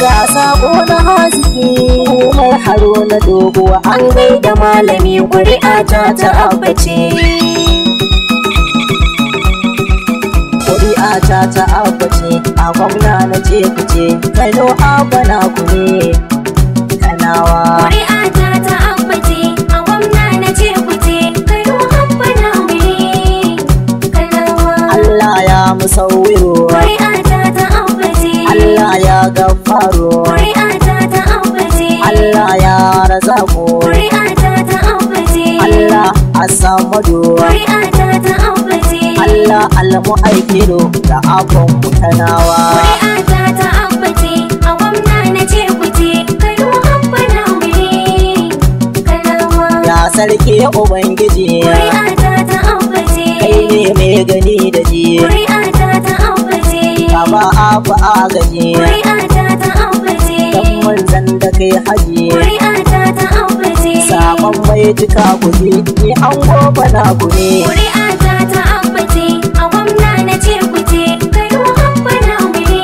Ga na haske har haro na doguwa an gaida malami ƙuri'a ta ta abace. Ƙuri'a ta ta abace a gwamna na ce fice, Kano abana ku ne, Kanawa yaro ƙuri'ata ta ambace Allah ya razaku ƙuri'ata ta ambace Allah asamadu ƙuri'ata ta ambace Allah almu'aikiru da abun mutanawa ƙuri'ata ta ambace a gwamna na ce kuce kano habbana wuri kalawa ya sarki ubangiji ƙuri'ata ta ambace kai ne mai gani da ji ƙuri'ata kama afa agaji ƙuri'ata ta ambace kan wanzan da kai haji ƙuri'ata ta ambace saman bai cika kuji ni an goba na gune ƙuri'ata ta ambace a gwamna na ce kuje kai muhabba na gune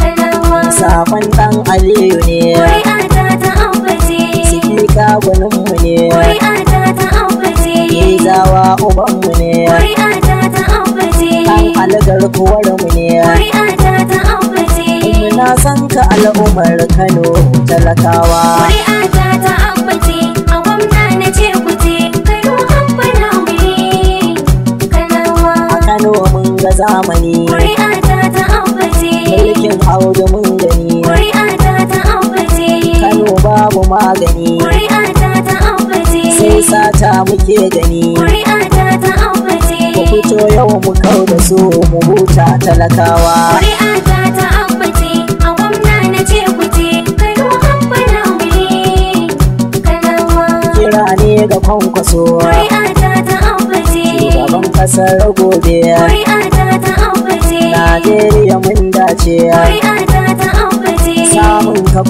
kalawa sabon dan aliyu ne ƙuri'ata ta ambace siki ka gwanin mu ne ƙuri'ata ta ambace ni zawa uban mu ne ƙuri'ata ta ambace an algar kuwar mu ne Kuri'ata ta ambace. Na san ka al'ummar Kano talakawa. Kuri'ata ta ambace, a gwamna na ce kuce, Kano ambana mune Kanawa. A Kano mun ga zamani. Kuri'ata ta ambace. Mulkin haudu mun gani. Kuri'ata ta ambace. Kano babu magani. Kuri'ata ta ambace. Sai sata muke gani. Kuri'ata fito yau mu kawo da su mu huta talakawa. Kuri'a ta a gwamna na Kira ne ga kwankwaso. ta Shugaban kasar gobe. Kuri'a ta ta A Najeriya mun dace. ta Samun ka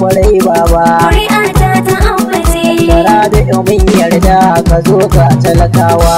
baba. Kuri'a ta da mun yarda ka zo ka talakawa.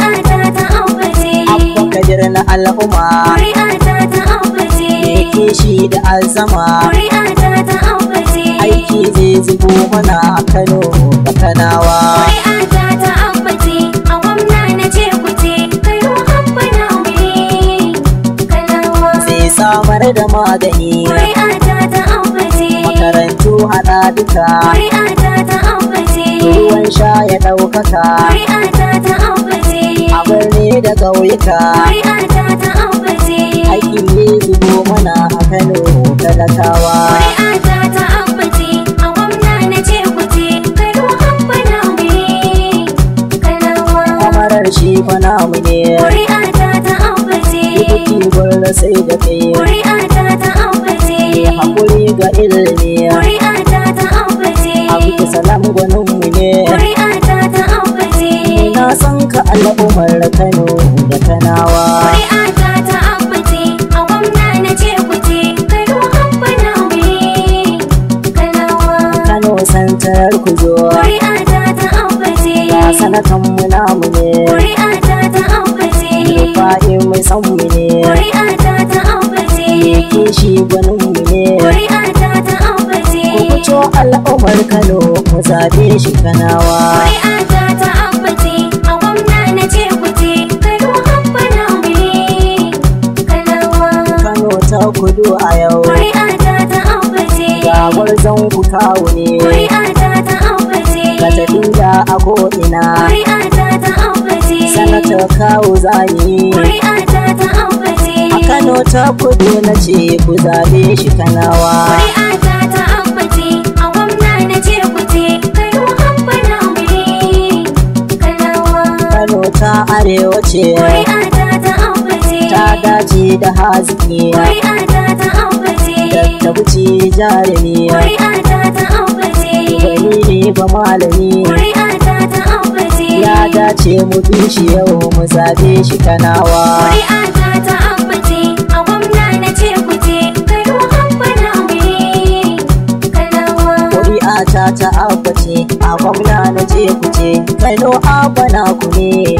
albishir na al'umma ƙuri'a ta ta ambace kishi da azama ƙuri'a ta ta aiki zai zubo mana Kano da Kanawa ƙuri'a ta ta ambace a gwamna na ce kuce Kano abba na umini Kanawa sai samar da magani ƙuri'a ta ta ambace makarantu haɗa duka ƙuri'a ta ta ambace ruwan sha ya ɗaukaka ƙuri'a ta ta birni da ƙauyuka. Kuri'a ta ta Aikin ne zubo mana a Kano talakawa. Kuri'a ta ta ambace. A gwamna na ce kuce. Kano abba na ne. Kalawa. Kamarar shi kwana mu ne. Kuri'a ta ta ambace. Ikuti gwamna sai da kai. Kuri'a ta ta ambace. Hakuri ga ilimi. Kuri'a al'ummar Kano da Kanawa. Kuri'ata ta ambace a gwamna na ce kuce Kano ambana wuri Kanawa. Kano santarar ku zo. Kuri'ata ta ambace. Ga sanatan mu namu ne. Kuri'ata ta ambace. Rufa'in mu san mu ne. Kuri'ata ta ambace. Kishi gwanin mu ne. Kuri'ata ta ambace. Ku fito al'ummar Kano ku zabe shi Kanawa. kudu a yau a ƙuri'ata ta ambace zan zanku kawo ne ƙuri'ata ta ambace ka tafi da a ko'ina ƙuri'ata ta Sana ta kawo zani ƙuri'ata ta ambace a kano ta kudu na ce ku zaɓe shi kanawa ƙuri'ata ta ambace a gwamna na ce ku ce kano ambana wuri kanawa kano ta arewa ce ƙuri'ata ta ambace ta dace da haske. ta ambace ta wuce jarumi ƙuri'a ta ta ba malami ƙuri'a ta ta ya dace mu bi shi yau mu zabe shi kanawa ƙuri'a ta ta ambace a gwamna na ce ku je kai muhammad aure kanawa ƙuri'a ta ta a gwamna na ce ku je kai abana ku ne